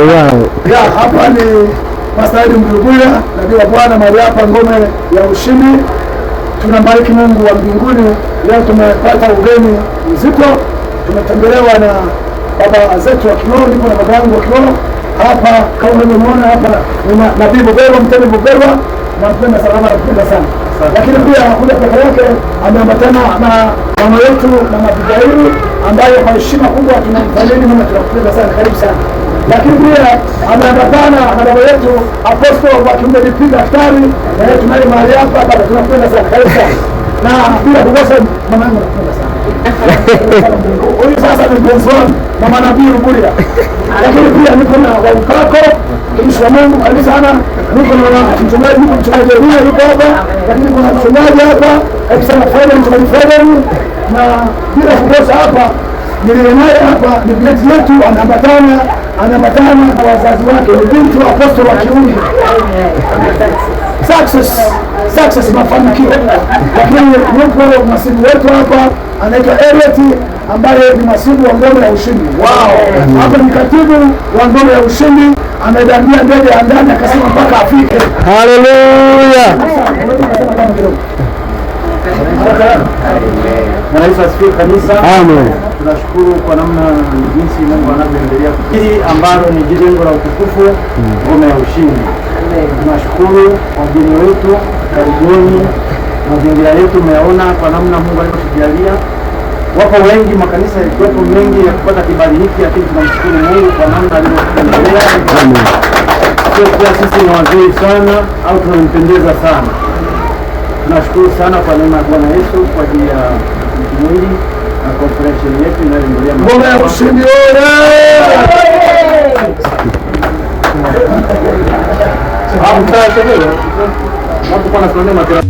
ya hapa ni Masaidi Mdugula na bwana mali hapa ngome ya ushindi. Tunambariki Mungu wa mbinguni, leo tumepata ugeni mzito, tumetembelewa na baba zetu wa kiroho, ndipo na baba yangu wa kiroho hapa, kama unavyomwona hapa ni nabii Buberwa, mtemi Buberwa, nampenda salama, nampenda sana lakini pia kuja peke yake ameambatana na mama yetu na mabigaili ambayo kwa heshima kubwa tunamthamini mama, tunakupenda sana, karibu sana lakini pia ameambatana na baba yetu aposto wa kiume Dipiga Daktari tunaye mahali hapa bado tunapenda sana kabisa, na bila kukosa mwanangu anapenda sana huyu. Sasa ni Benson na manabii Rugurya, lakini pia niko na waukako wa Mungu karibu sana, niko na mchungaji, niko mchungaji huyo yuko hapa, lakini kuna mchungaji hapa akisema Fedha, mchungaji Fred, na bila kukosa hapa nilienaye hapa ni bibi yetu anaambatana anapatana na wazazi wake, binti wa apostol wa kiume, success, mafanikio. Lakini yupo mhasibu wetu hapa anaitwa Elliot ambaye ni mhasibu wa ngome ya ushindi hapa ni katibu wa ngome ya ushindi, amedandia ndege ya ndani akasema mpaka afike. Haleluya! Amen. Tunashukuru kwa namna jinsi Mungu anavyoendelea hili ambalo ni jengo la utukufu, ngome ya ushindi. Tunashukuru wageni wetu, karibuni. Mazingira yetu umeona kwa namna Mungu alivyotujalia. Wapo wengi, makanisa yalikuwepo mengi ya kupata kibali hiki, lakini tunamshukuru Mungu kwa namna alivyotuendelea. Sio kuwa sisi ni wazuri sana au tunampendeza sana. Tunashukuru sana kwa neema ya Bwana Yesu kwa ajili ya mwili Volemos, senhores! Vamos, ah, tá, tá senhores! Vamos para a